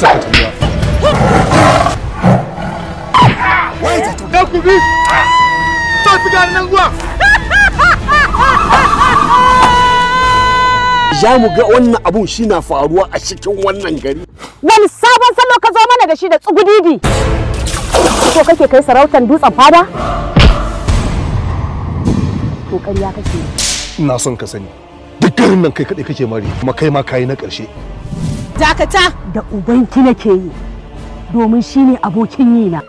ta tafiya ga kubi za mu ga wannan abun shi na faruwa a cikin wannan gari wani sabon salo ka zo mana da shi da tsugudidi ko kake kai sarautar dutsen fada Ko ƙarya kake ina son ka sani duk garin nan kai kaɗai kake mari kuma kai ma kayi na ƙarshe dakata da ubanki nake yi domin shine abokin yi na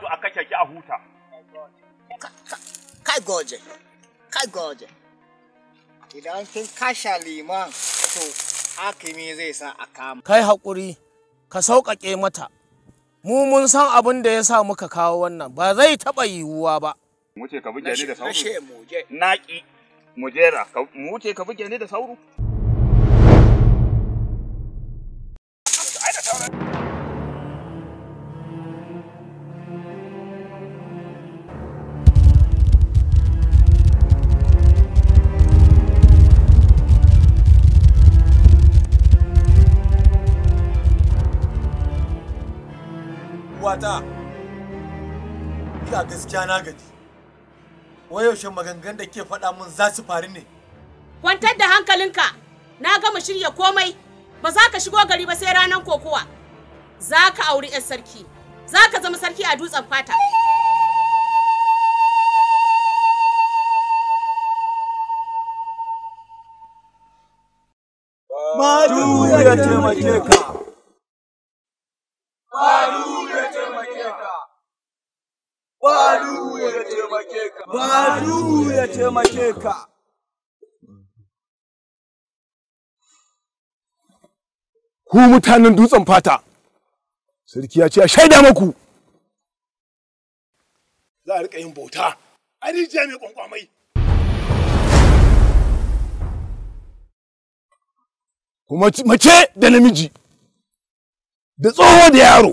gado a kashe ki a huta. Kai goje, kai goje. Idan kin kashe liman to hakimi zai san a kama. Kai haƙuri, ka sauƙaƙe mata. Mu mun san abin da ya sa muka kawo wannan ba zai taɓa yiwuwa ba. Muce ka buge ni da sauru? Nashe muje. Naƙi. Mujera, muce ka buge ni da sauru? Ai da sauran. ta ina gaskiya na gaji wai yaushe maganganun da ke faɗa min za su faru ne kwantar da hankalinka na gama shirya komai ba za ka shigo gari ba sai ranar kokowa za ka auri 'yan sarki za ka zama sarki a dutsen fata Madu ya taimake ka. taimake ka. Ku mutanen dutsen fata, sarki ya ce a shaida maku. Za a riƙa yin bauta, a rijiya mai ƙwanƙwamai. Kuma mace da namiji, da tsoho da yaro.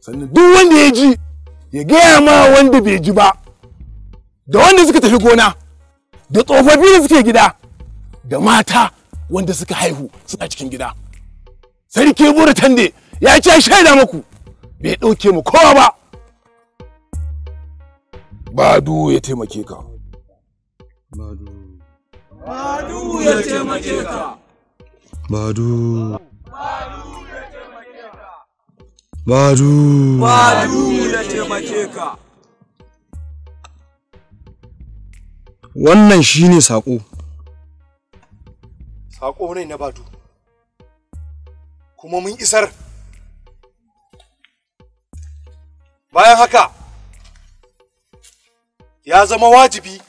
Sannan duk wanda ya ji ya gaya ma wanda bai ji ba da wanda suka tafi gona da tsofaffi da suke gida da mata wanda suka haihu suna cikin gida sarki buru tande ya ce shaida muku bai ɗauke mu kowa ba badu ya taimake ka badu badu ya taimake ka badu badu ya taimake ka badu badu Wannan shi ne saƙo. Saƙo ne na batu, kuma mun isar. Bayan haka, ya zama wajibi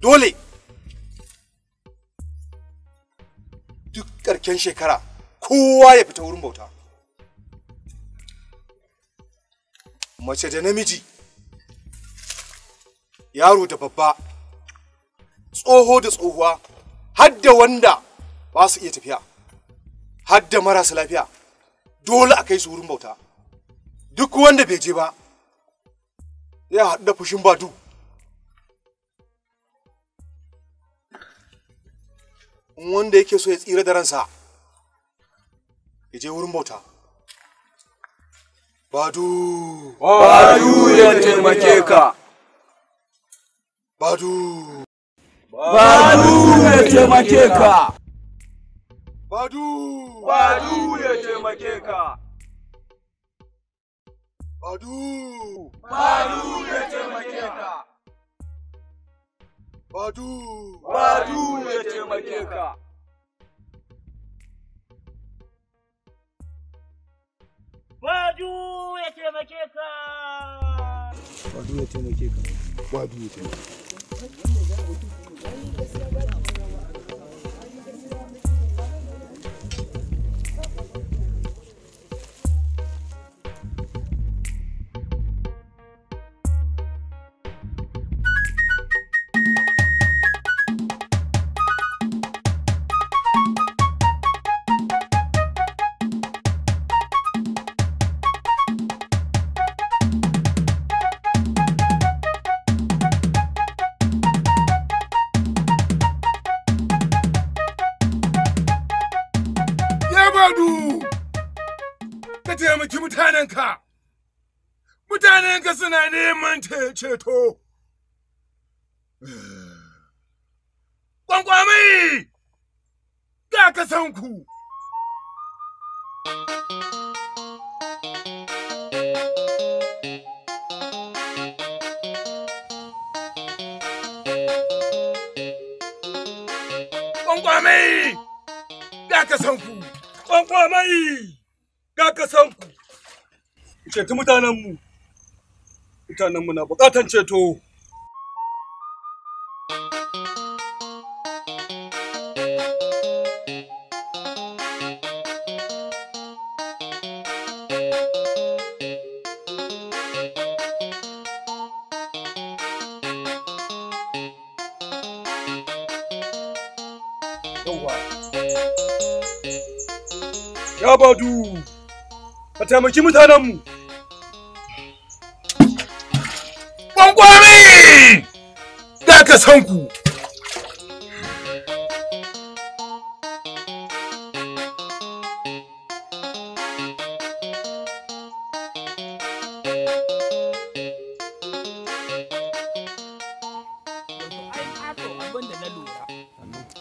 dole duk ƙarken shekara kowa ya fita wurin bauta. mace da namiji yaro da babba tsoho da tsohuwa har da wanda ba su iya tafiya har da marasa lafiya dole a kai su wurin bauta duk wanda bai je ba ya haɗu da fushin badu wanda yake so ya tsira da ransa ya je wurin bauta Badu! Badu ya taimake ka! Badu! Badu ya taimake ka! Badu! Badu ya taimake ka! Badu! Badu ya taimake ka! Badu! Badu ya taimake ka! Badu ya taimake ka. Badu ya taimake ka. ya taimake ka. mai ceto. Ƙwanƙwamai! Ga kasanku! Ƙwanƙwamai! Ga kasanku! Ƙwanƙwamai! Ga kasanku! Ceto mutanenmu! mutanenmu na bukatan ceto. Ya badu, ka taimaki mutanenmu. ƙwari da ka san ku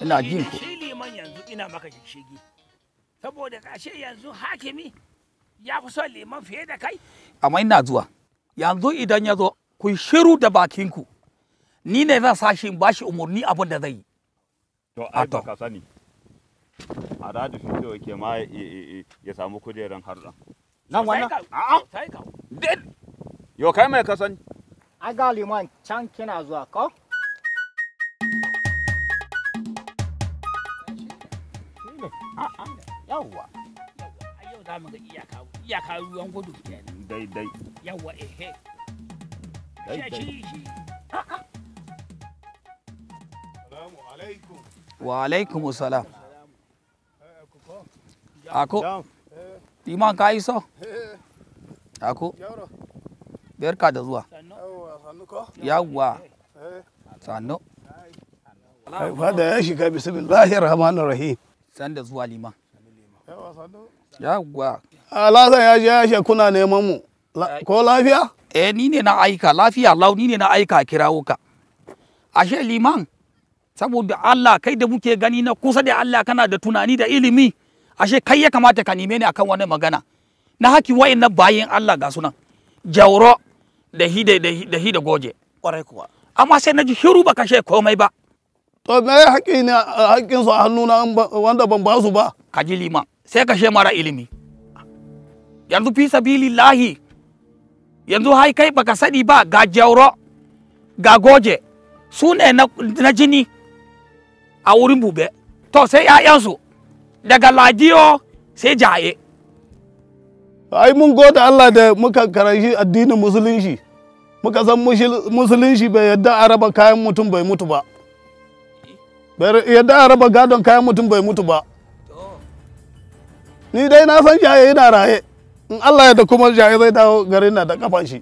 ina jin ku yanzu ina maka saboda kashe yanzu hakimi ya fi son liman fiye da kai amma ina zuwa yanzu idan ya zo ku yi shiru da bakinku ni ne zan sa shi in ba shi umarni abin da zai yi to ai ba ka sani a radu fito ke ma ya samu kujeran harɗa nan wannan a'a sai ka yo kai mai ka sani ai ga liman can kina zuwa ko yawwa yau za mu ga iyaka iyaka ruwan gudu dai dai yawwa eh eh wa alaikum salam ako iman ka iso eh. ako barka da zuwa yawwa sannu eh. fada ya shiga bismillahi rahmanir rahim san da zuwa liman yawwa ah, alhassan ya je ya kuna neman mu ko lafiya eh ni ne na aika lafiya lau ni ne na aika kirawo ka ashe liman saboda Allah kai da muke gani na kusa da Allah kana da tunani da ilimi ashe kai ya kamata ka nime ni akan wani magana na haki na bayin Allah ga sunan jawro da hide da hide goje kwarai kuwa amma sai na ji shiru baka she komai ba to me haƙi ne haƙin su a hannuna wanda ban ba su ba kaji liman sai ka she mara ilimi yanzu fi sabilillahi yanzu hai kai baka sani ba ga jauro ga goje su ne na jini a wurin bube to sai 'ya'yansu daga ladiyo sai jaye ai mun goda Allah da muka karanci addinin musulunci muka san musulunci bai yadda a kayan mutum bai mutu ba bai yadda araba gadon kayan mutum bai mutu ba ni dai na san jaye yana raye in Allah ya da kuma jaye zai dawo garin na da kafan shi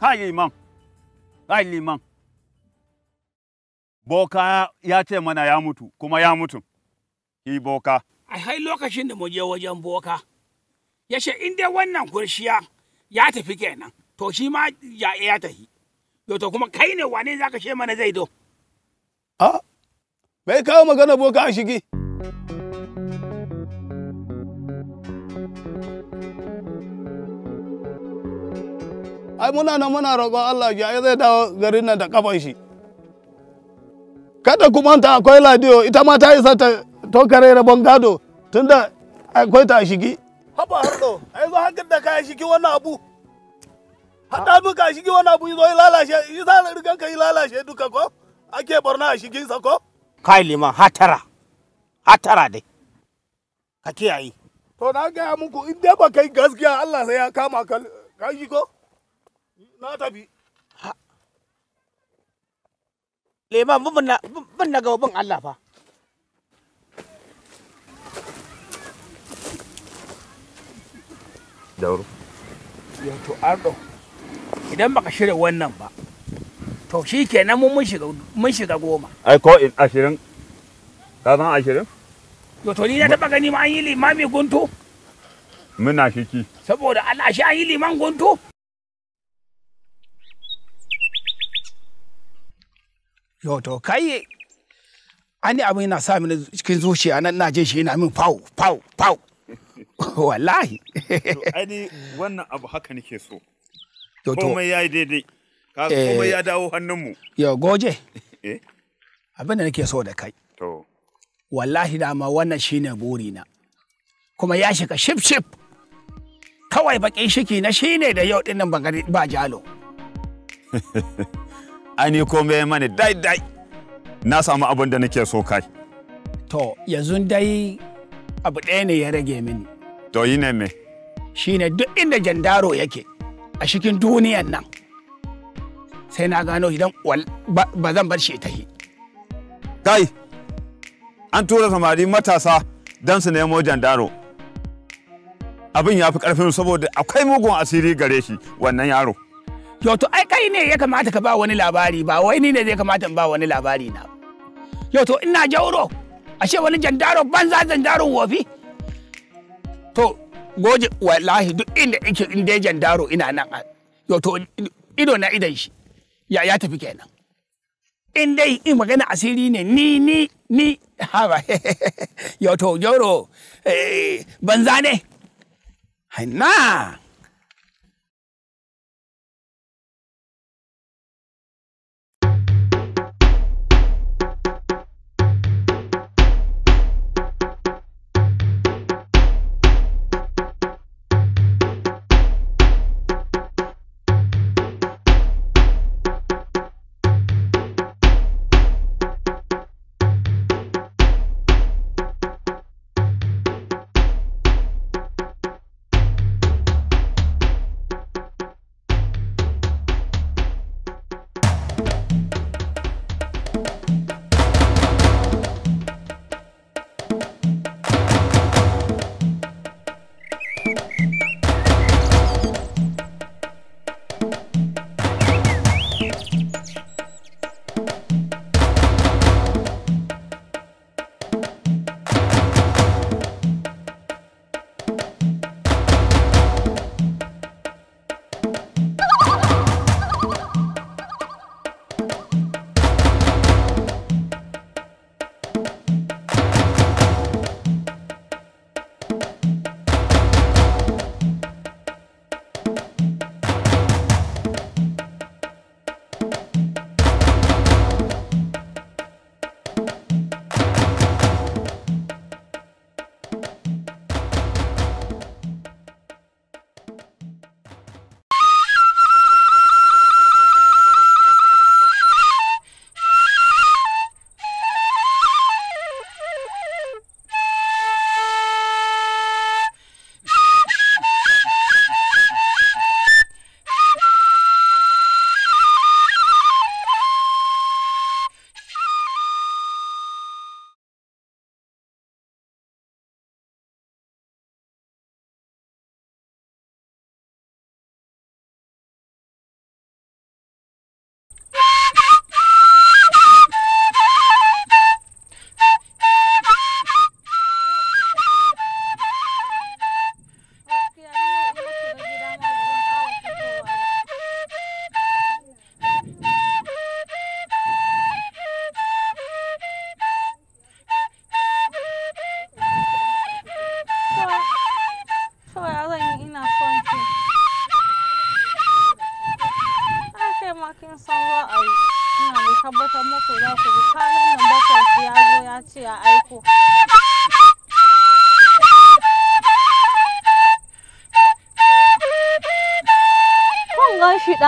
kai liman kai liman boka ya ce mana ya mutu kuma ya mutu shi boka a hai lokacin da mu je wajen boka ya ce in dai wannan kurshiya ya tafi kenan to shi ma ya ya tafi yo to kuma kai ne wane zaka ce mana zai do a bai kawo magana boka a shigi ai muna nan muna roƙon Allah ya zai dawo garin nan da kafan shi kada kuma ta akwai ladiyo ita ma ta isa ta tokare rabon gado tunda akwai ta shigi haba hardo ai zo hakan da ka shigi wannan abu hada mu ka shigi wannan abu zo lalace isa rigan ka lalace duka ko ake barna a shigin sa ko kai liman hatara hatara dai ka kiyaye to na ga muku in dai ba kai gaskiya Allah sai ya kama ka kashi ko Na tafi. Leman bin na gaba bin Allah fa. Dauro. Yato Ardo, idan baka shirya wannan ba, to shi kenan mun shiga goma. Ai ko ashirin, ka san ashirin? Yato ni na taɓa gani ma an yi limami gunto? Muna shiki. Saboda Allah shi an yi liman gunto? yau to kai ani abin yana sa mini cikin zuciya nan na jin shi yana min pau pau pau wallahi ani wannan abu haka nake so komai ya yi daidai komai ya eh. dawo hannunmu yau goje eh? abin da nake so da kai wallahi dama wannan shine burina kuma ya shiga shif shif kawai bakin shiki na shine da yau dinnan ba jalo ani komai ya mani dai dai na samu abin da nake so kai to yanzu dai abu ɗaya ne ya rage mini to yi ne me shine duk inda jandaro yake a cikin duniyan nan sai na gano idan ba zan bar shi ta yi kai an tura samari matasa don su nemo jandaro abin ya fi ƙarfin saboda akwai mugun asiri gare shi wannan yaro Yau to ai kai ne ya kamata ka ba wani labari ba wai ni ne zai kamata in ba wani labari na. Yau to ina jauro ashe wani jandaro banza jandaron wofi. To goje wallahi duk inda yake in dai jandaro ina nan yau to ido na idan shi ya ya tafi kenan. In dai in magana asiri ne ni ni ni haba yau to jauro eh, banza ne. Hanna.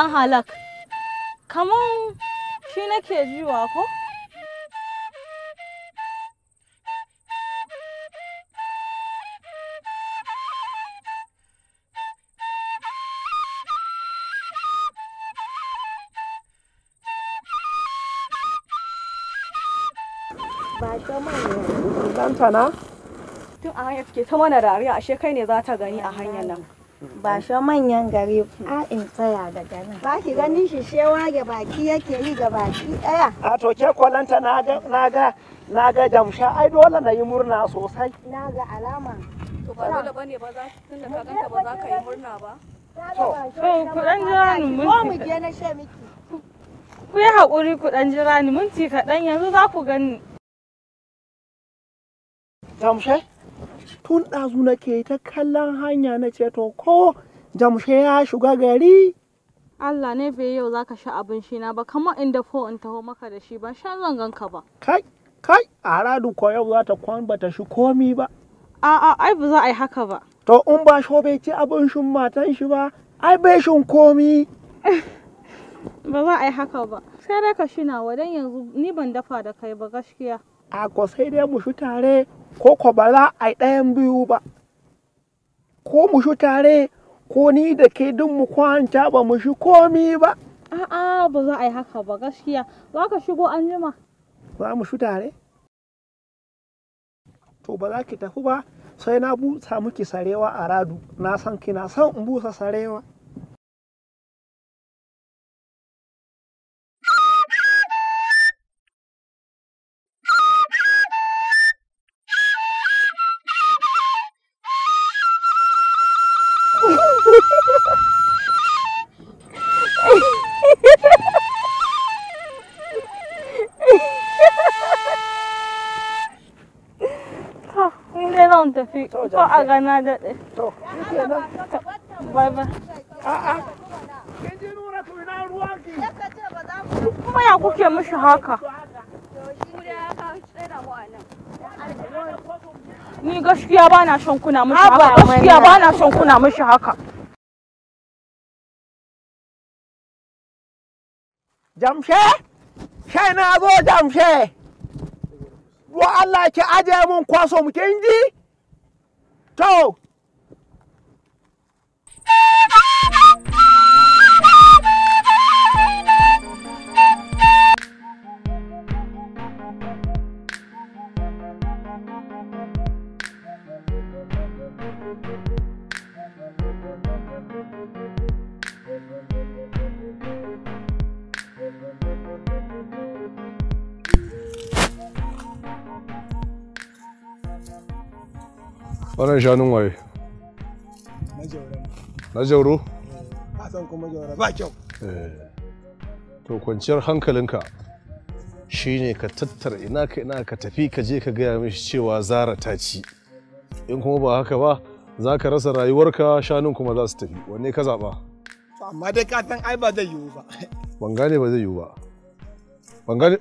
ma halak kaman shi nake jiwa ko Dantana? Tun a hanyar ke ta mana dariya ashe kai ne za ta gani a hanyar nan. ba shi manyan gare ku a in tsaya daga nan ba ki ganin shi shewa ga baki yake yi ga baki daya a to ke kwalanta na ga na ga damsha ai dole na yi murna sosai na ga alama to ba dole bane ba za tun ka ganta ba za ka yi murna ba to ku dan jira ni mun ko mu je na she miki ku yi hakuri ku dan jira ni minti kaɗan yanzu za ku gani damshe tun ɗazu na ke ta kallon hanya na ceto ko jamshe ya shiga gari Allah ne bai yau zaka sha abin shi na ba kamar inda fo in taho maka da shi ba sha zan ka ba kai kai a radu ko yau za ta kwambata shi komi ba a'a ai ba za a yi haka ba to in ba sho bai ci abin shi matan shi ba ai bai shin komi ba za a yi haka ba sai dai ka shi na wadan yanzu ni ban dafa da kai ba gaskiya a ko sai dai mu tare ko ko ba za a yi ɗayan biyu ba ko mu tare ko ni da ke duk mu kwanta ba mu shi komi ba a'a ba za a yi haka ba gaskiya za ka shigo an jima za mu shu tare to ba za ki tafi ba sai na busa miki sarewa a radu na san kina san in busa sarewa ko a gana daɗe to bai bai a'a kin ji nura to ina ruwanki kuma ya kuke mishi haka ni gaskiya ba na shan kuna mishi haka gaskiya ba na shan kuna mishi haka jamshe shai na zo jamshe wa Allah ki aje mun kwaso mu kin ji Go! wannan shanun waye na jauro na san kuma jauro ba kyau eh, to kwanciyar hankalinka shine ka tattara ina ka ina ka tafi ka je ka gaya mishi cewa zara ta ci in kuma ba haka ba za ka rasa rayuwarka shanun kuma za su tafi wanne ka zaɓa amma dai ka san ai ba zai yiwu ba ban gane ba zai yiwu ba ban gane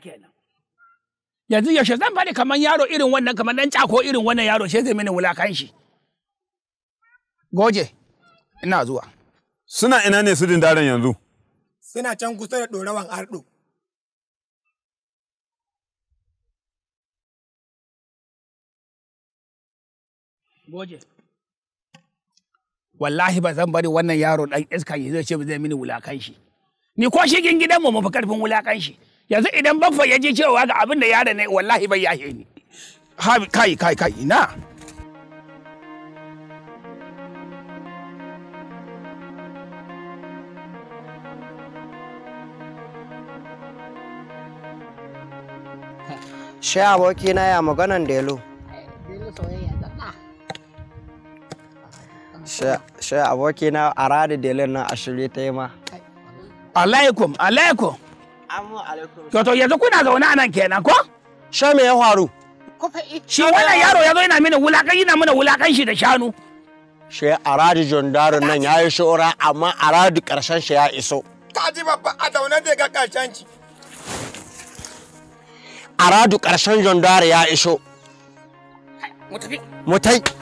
kenan yanzu yaushe zan faɗi kamar yaro irin wannan kamar ɗan cako irin wannan yaro shi zai mini wulakan shi goje ina zuwa suna ina ne su daren yanzu suna can kusa da ɗorawan arɗo goje wallahi ba zan bari wannan yaro ɗan iska yi zai ce ba zai mini wulakan shi ni ko shi gidan mu mafi karfin wulakan shi yanzu idan bakfa ya ji cewa ga abin da yaron ne wallahi bai yahe ni kai kai kai ina Shi aboki na ya maganan Delu. Shi aboki na a radi Delu na a shirye ta yi ma. Alaikum, alaikum. Toto yanzu kuna zaune nan kenan ko? Sha me ya faru? Shi wannan yaro ya zo yana mini wulakan yana mini wulakan shi da shanu. Shi radi jondarin nan ya yi shora amma radi karshen shi ya iso. Ka ji babba a zaune zai ga karshen shi. radi karshen jondarin ya iso. Mutai.